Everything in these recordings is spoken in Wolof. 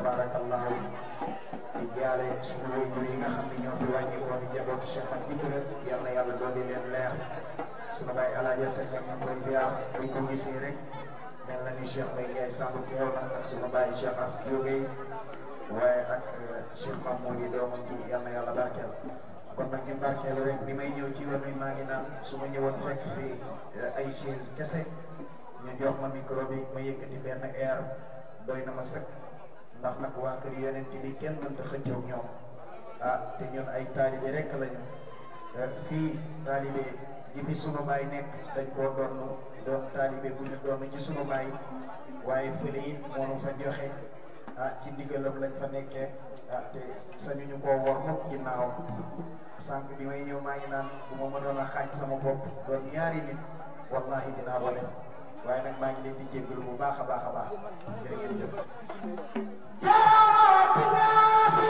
tabarakallahu di jale suñu wayjur yi nga xam ne ñoo fi wàññikoo di njabootu Cheikh Ahmad Jimbira yal na yàlla dolli leen leer suñu bàyyi alaaja sa jam ñu ziar buñ ko gisee rek mel na ni Cheikh Mbaye yang Samb teew na ak suñu bàyyi Cheikh As Diogay waaye ak eh, Cheikh Mamoudi doomam bi yal na yàlla barkeel kon nag ñu barkeel rek bi may ñëw ci yoon wi maa ngi naan su ma ñëwoon fi eh, ay chaise ñu jox ma micro bi ma air doy ma ndax nag waa kër yonent bi kenn mënta xëccoog ñoom ah te ñun ay taalibe rekk lañu eh, fii taalibe yi fi nekk dañ koo donn doon taalibe bu ñu donn ci sunu baay waaye fële it moonu fa joxe ah ci ndigalam lañ fa nekkee ah te sañu koo wor mukk ginnaawam sànq bi may ñëw maa ngi naan bu ma mënoon a xaaj sama bopp doon ñaari nit wallahi dinaa ko waaye nag maa ngi leen di jéggalu bu baax baax baax jërë ngeen jëf yaa ci naa si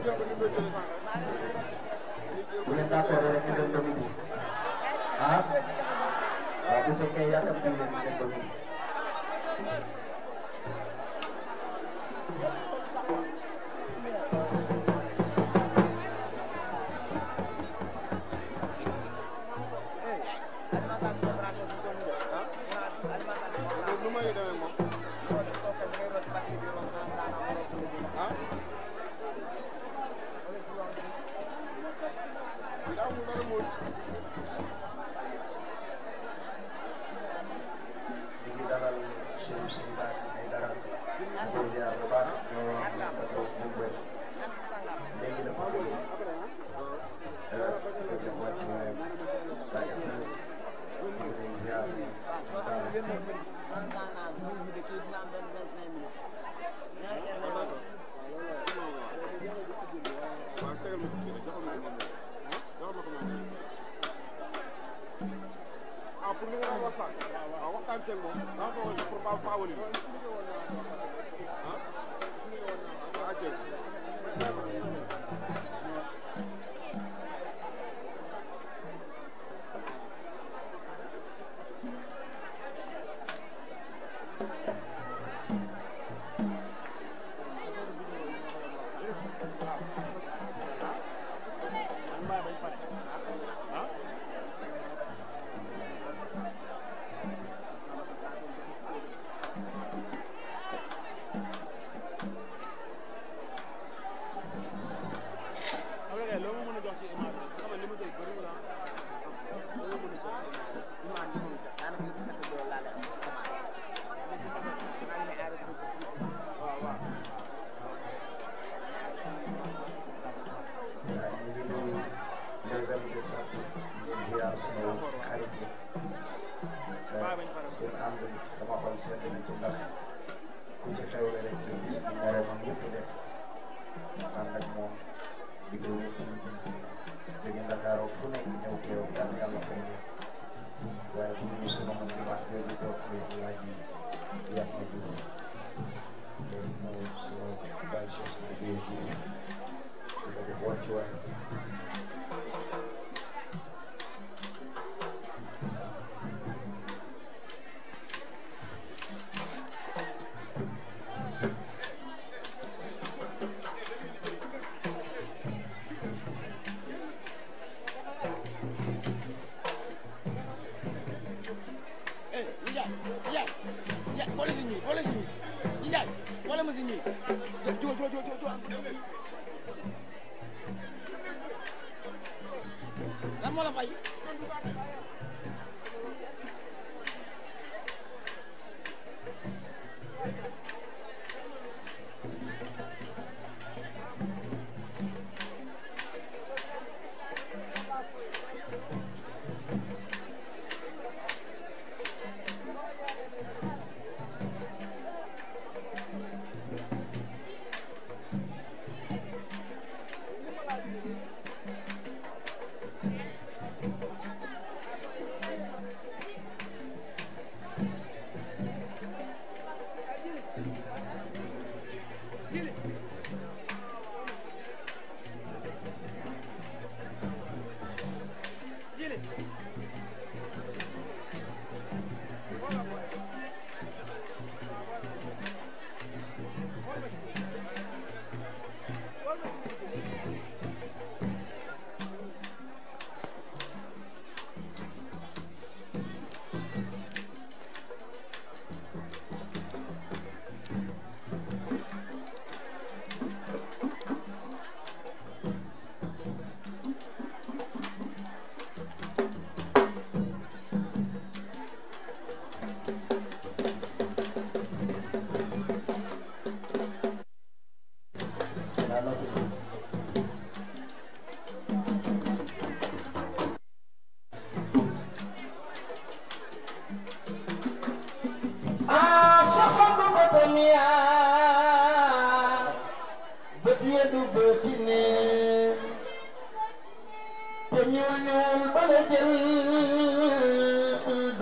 bu leen d'accord rek ñu dem ba midi ah waaw bu fekkee yaakaar naa ne dem ba midi waaw ah, pour li nga wax ah, waxtaan. waaw waxtaan seen moom. daa ko pour Paa Paa Waly.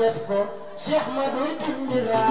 def ko Cheikh Madou Timbira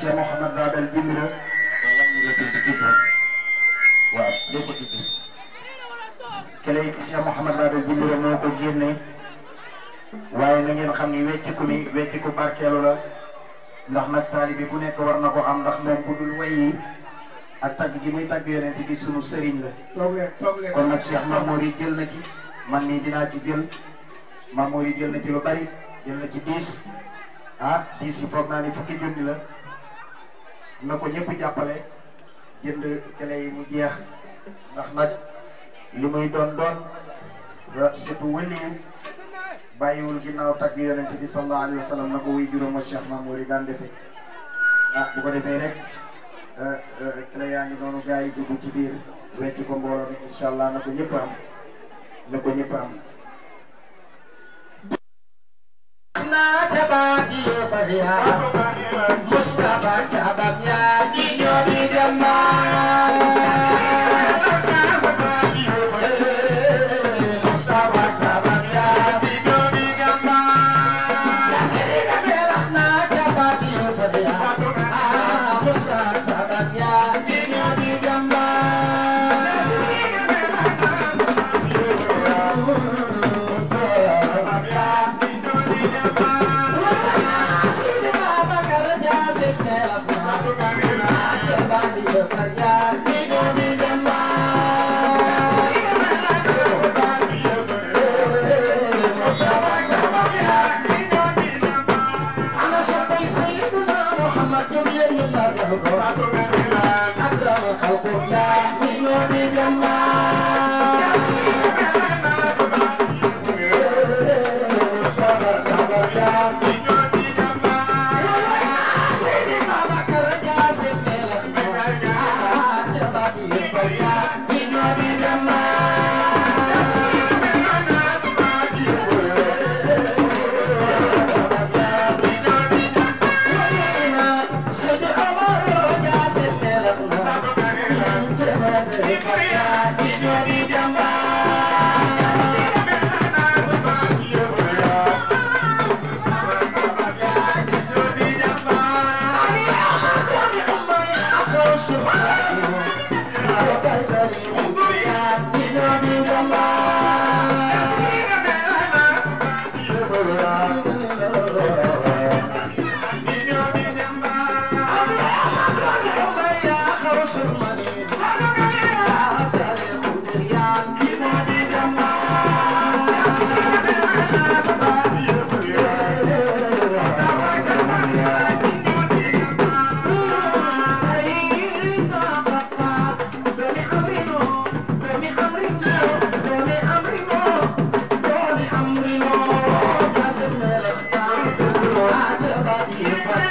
Cheikh Muhammad Babel Jimra wala ñu ngi tudd Jibra waaw doo Cheikh Mouhamed Babel Jimra moo ko génne na ngeen xam ni la ndax bu war ko am ndax moom bu wayi ak tagg gi muy tagg yonent bi sunu sëriñ la kon Cheikh jël na ci man ci jël jël na ci lu bari jël na ci ah diis yi foog ni fukki la na ko ñëpp jàppale jënd télé mu jeex ndax nag lu muy doon doon surtout wëliwu wul ginnaaw tag bi yonente bi sallallahu alayhi wa sallam na ko wuy juróoma Cheikh Mamour daan defee ah bu ko defee rek euh, euh, télé yaa ngi noonu gars yi dugg ci biir wecc ko mbooloo mi allah na ko ñëpp na ko ñëpp na ta ba biyo fariya Mustapha sabab ya ni yo bi jama'a Não, vai, vai. happy, happy.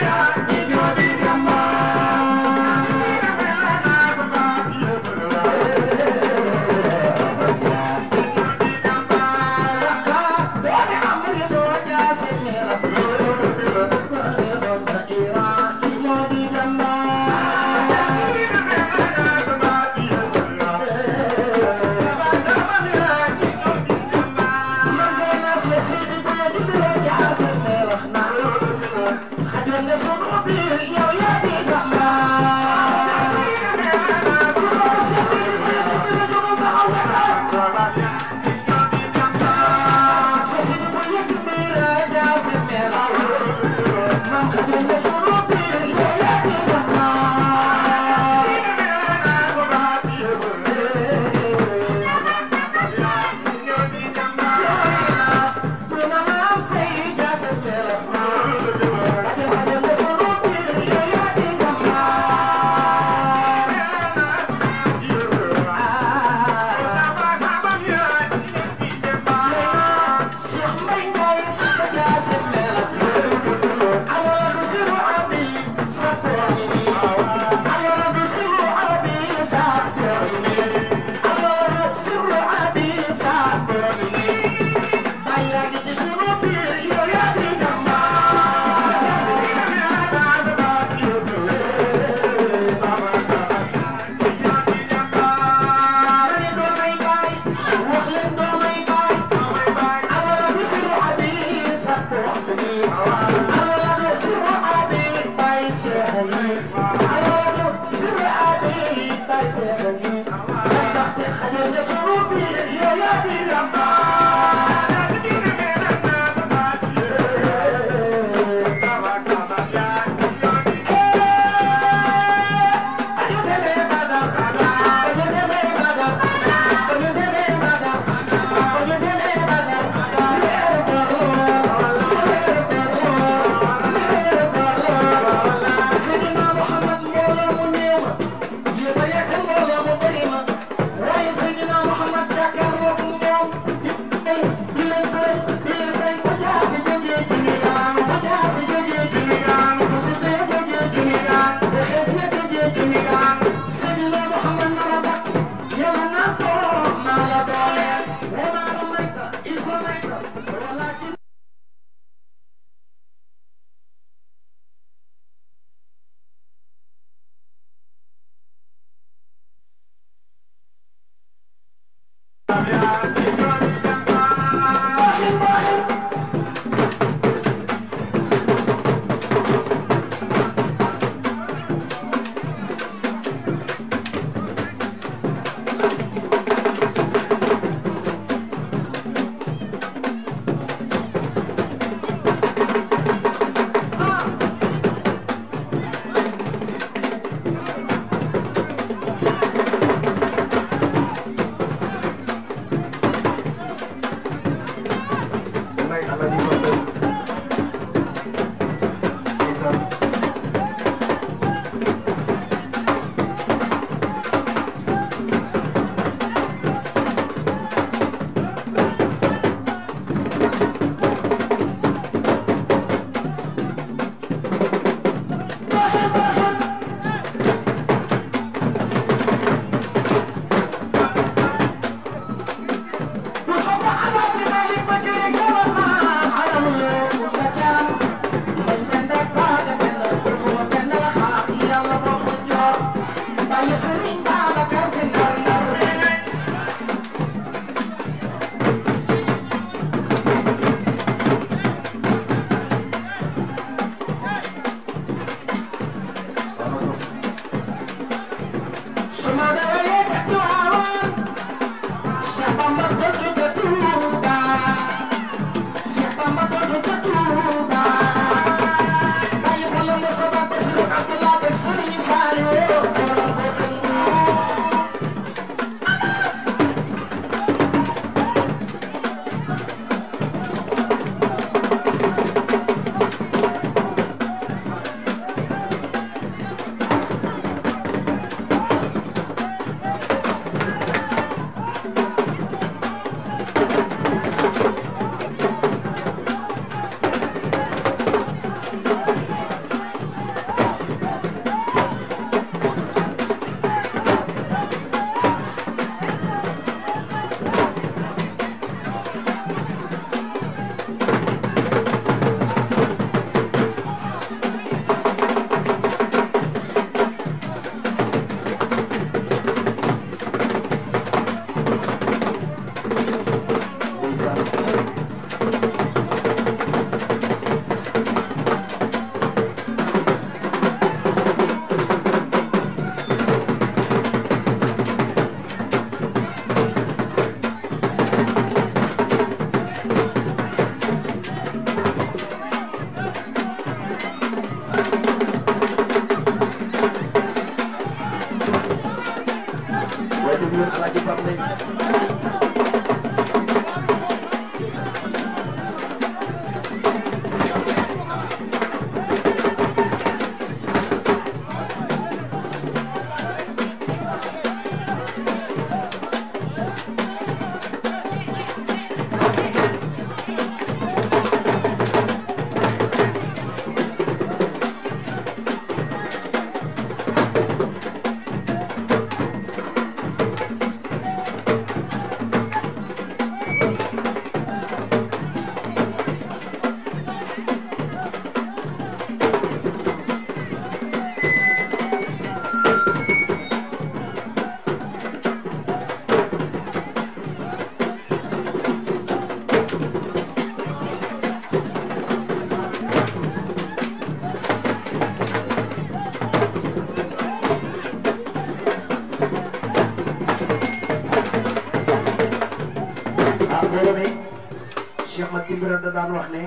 sëriñ bi da daan wax ne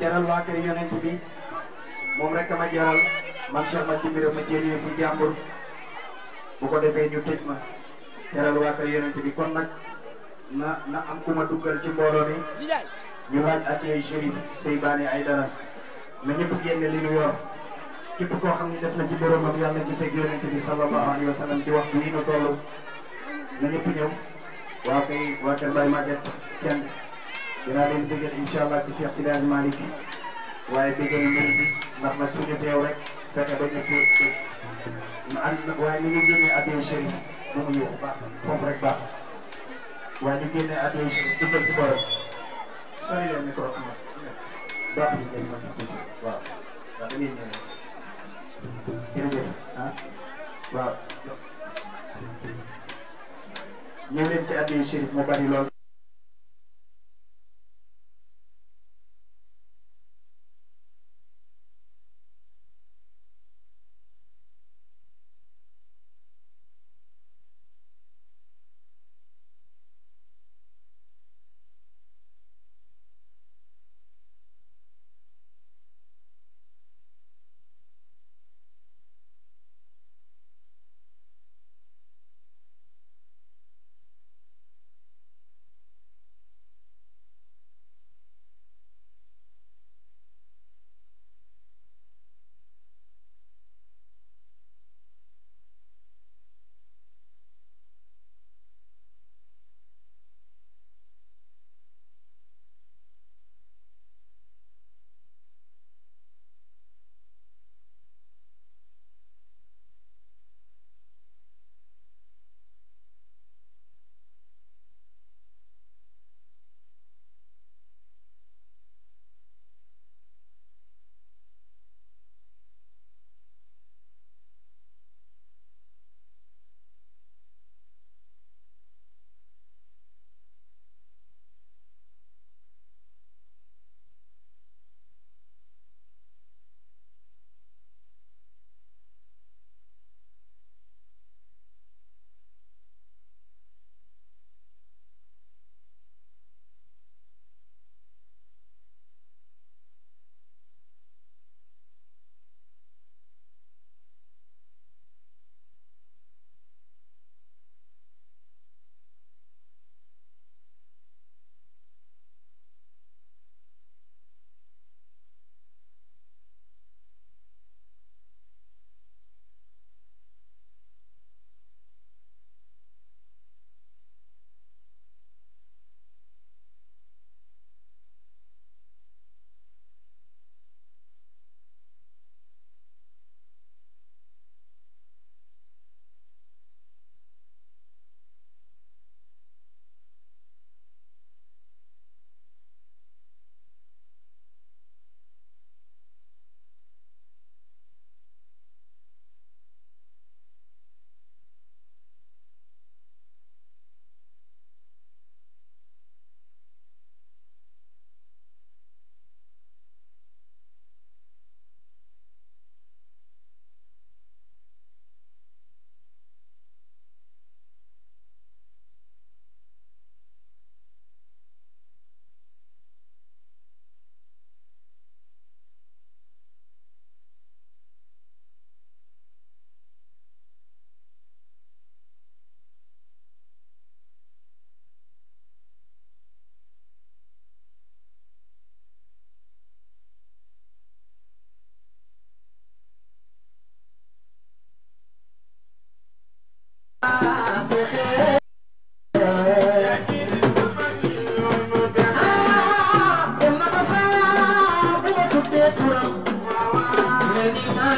jaral waa kër bi moom rek ma jaral man Cheikh Mati Mbira ma jëlee fi jàmbur bu ko defee ñu tëj ma jaral waa kër yonent bi kon nag na na am ku ma duggal ci mbooloo mi ñu laaj ak ay Chérif ay Aydara na ñëpp génne li ñu yor képp koo xam ni def na ci boromam yàlla gisee ak yonent bi sallallahu alayhi wa sallam di waxtu wi ñu toll na ñëpp ñëw waa kay waa kër Baye Maguette kenn. dinaa len bëggal inshallah ci Cheikh Sida malik waye bëggal mbir bi ndax ma tuñu ñu teew rek fexe ba ñëpp ma ànd waaye ni ñu génnee addee cheikh mu ñu yóbbu baax foofu rek baax waye ñu génnee addee cheikh duggal ci borom sori le micro am baax li ñu mën a dugg waaw waaw da ngeen ñëwee jërëjëf ah waaw ñëw leen ci addee chérif mu bari lool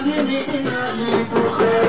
علي بإمامي بخير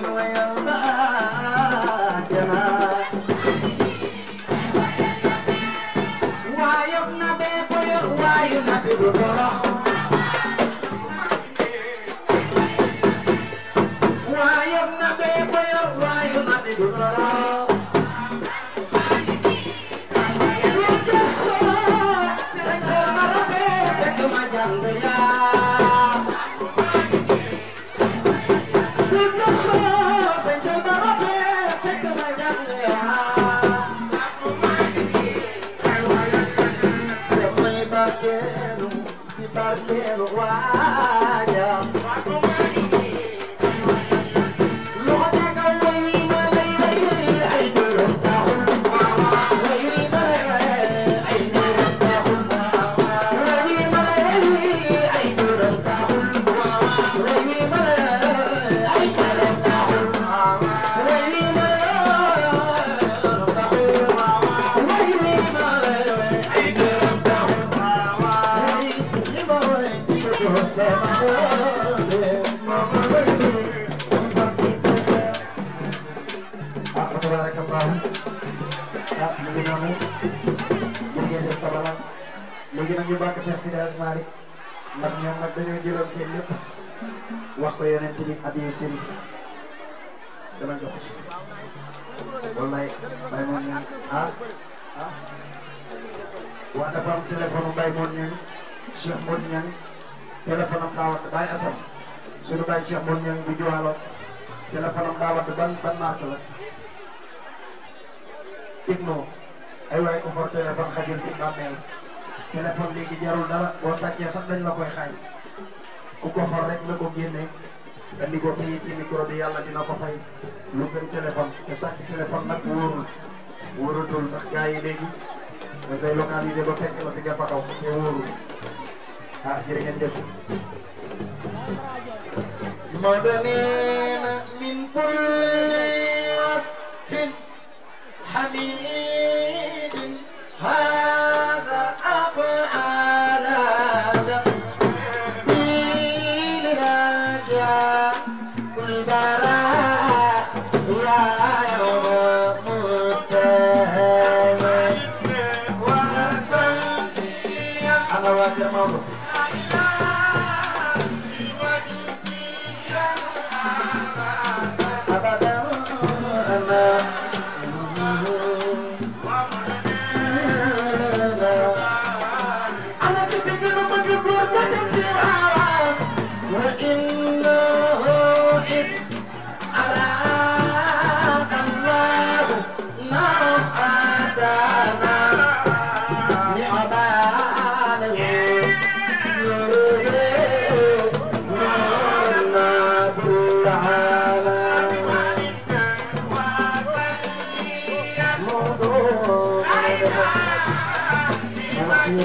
yeah. wa fam telephone bay Mon Niang Cheikh Mon Niang telephone am dawat bay Baye suñu bay Cheikh Mon Niang bu juwaalo telephone am dawat ban ban marque la ikno ay way ko for telephone xajul ci bamel telephone legi jarul dara bo sàccee sax dañ la koy xay ku ko for rek la ko genné dañ ko fii ci micro bi yalla dina ko fay lu gën telephone te telephone nak nag wóorul wóoratul ndax gaay yi dañ koy localiser ba fekk la fi nga baxaw te wóorul ah min kulli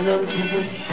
love you.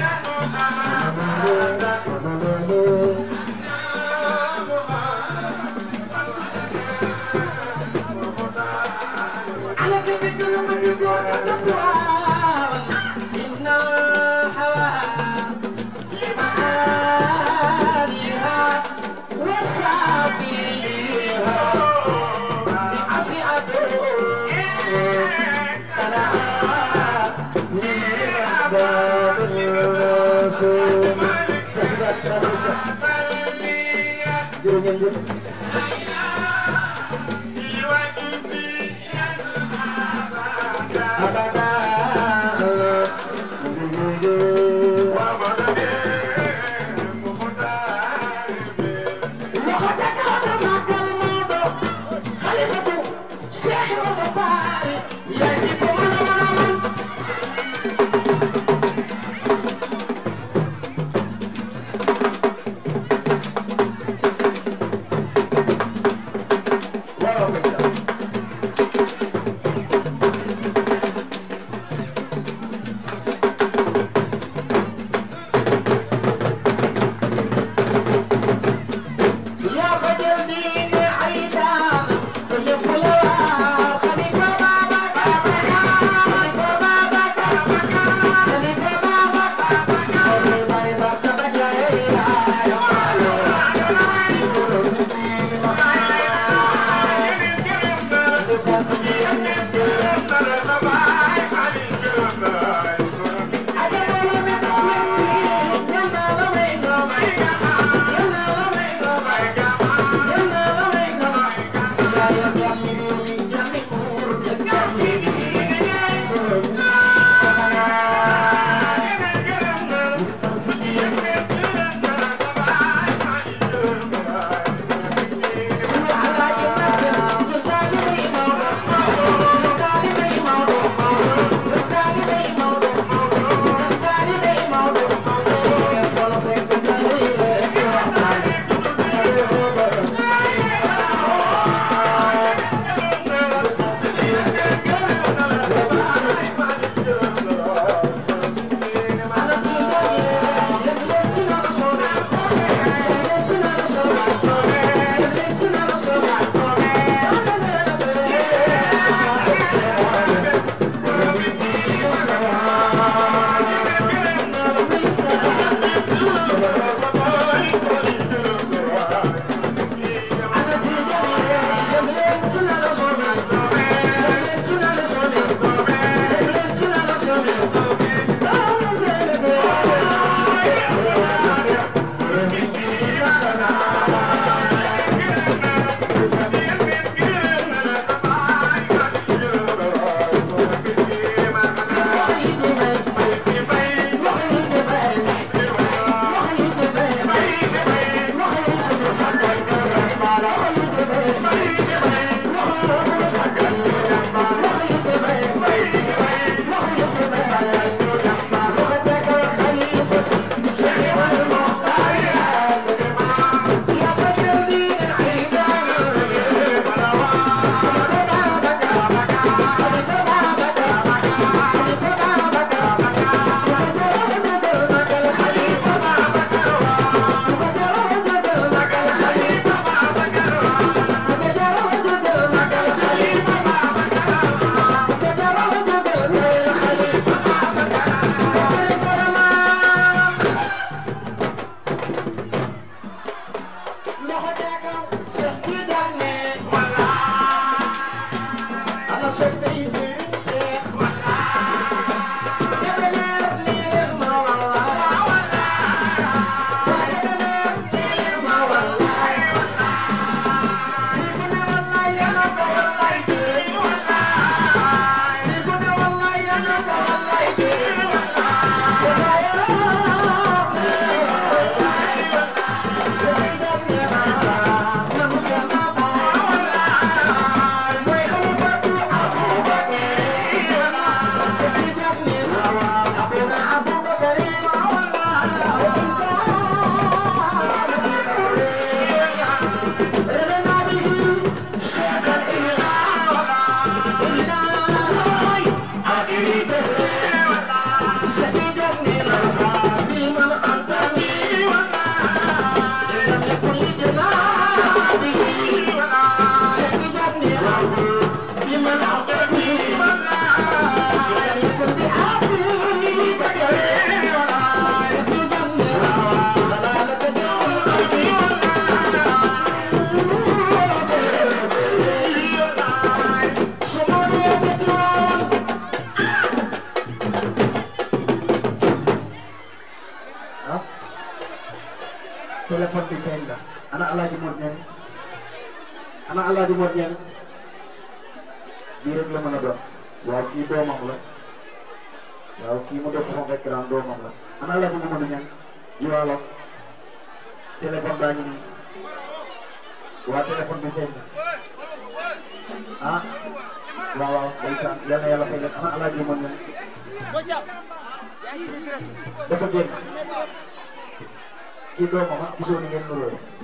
du mot ñen bi rek la mëna doon waaw kii doomam la waaw kii mu def fon rek daan doomam la ana ah waaw bisa, ndeysaan yal na yàlla fay leen ana alaaji mën na dafa génn kii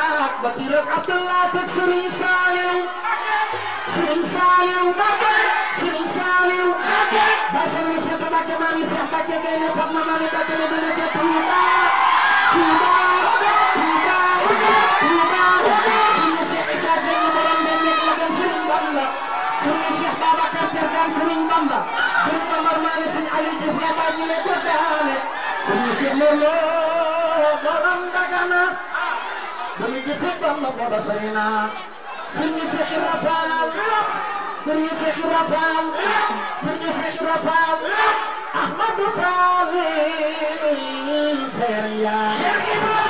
Basiru Abdullah teg Sëriñ Saaliw Sëriñ Saaliw Mbàkke Sëriñ Saaliw Mbàkke ba Sëriñ Cheikh Mbàkke maa ngi Cheikh Mbàkke gay ne foog ma maa ngi Mbàkke ne dana ca Tuuba Tuuba Tuuba Tuuba Sëriñ Cheikh Issa gay ne borom ne nekk la gën Sëriñ Bamba Sëriñ Cheikh Babacar Tergan Sëriñ Bamba Sëriñ Mamar maa ngi Sëriñ Ali Diouf la bàyyi ne ko daane Sëriñ Cheikh Lolo borom Dagana dama gis si Bamba booba sori naa sëriñ Cheikh Ibra Fall sëriñ Cheikh Ibra Fall sëriñ Cheikh Ibra Fall Ahmadou Fall sëriñ Cheikh Ibra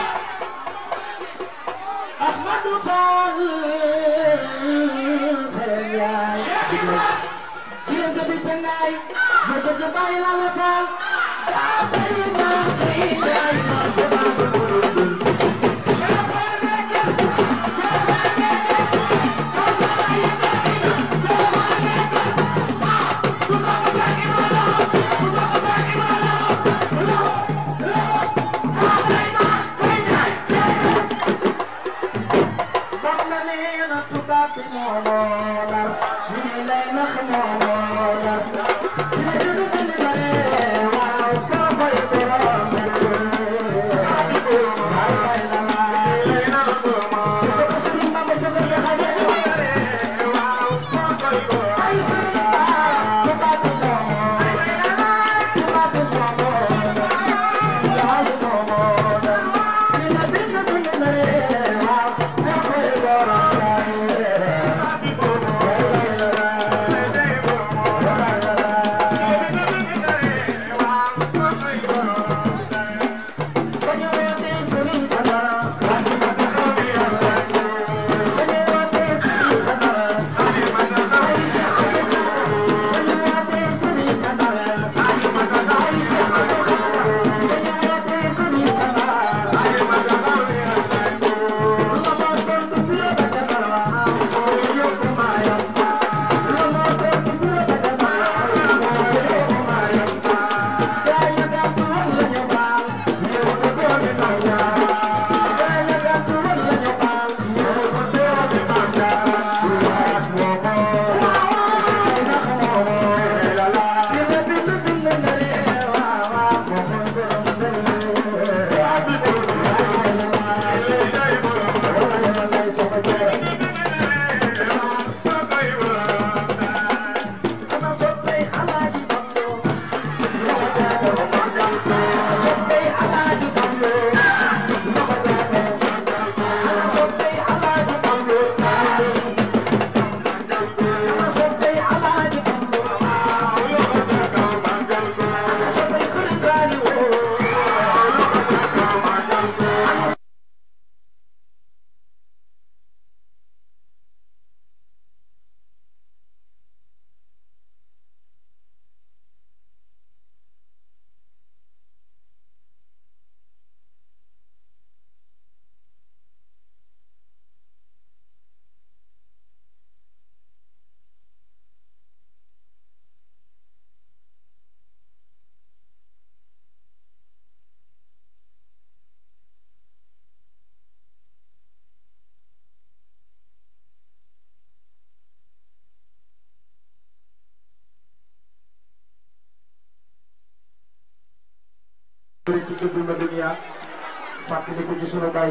Ahmadou Fall sëriñ Cheikh Ibra yéen dabi jangaay ma dëgg bàyyi la la Fall daa bëri naa sëriñ Cheikh Ibra مخمومة من اللي مخمومة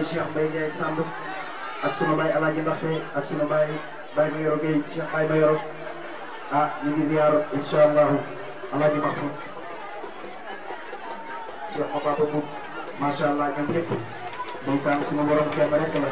baay Cheikh Mbaye Ndiaye Samb ak sunu baay Alaaji Ndaxte ak sunu baay baay Mayoro Gueye Cheikh Baye Mayoro ah ñu ngi ziar incha allahu Alaaji Mahfouz Cheikh Mababa Boub macha allah ñoom ñëpp ndeysaan sunu borom kenn rek la.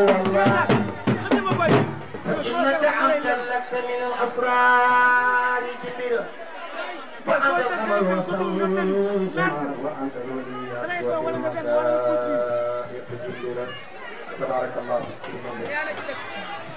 والله إنك أمتلكت من الأسرار جبلة وأنت القمر وصوم شهر وأنت الولي أسود المسائق جبلة تبارك الله فيك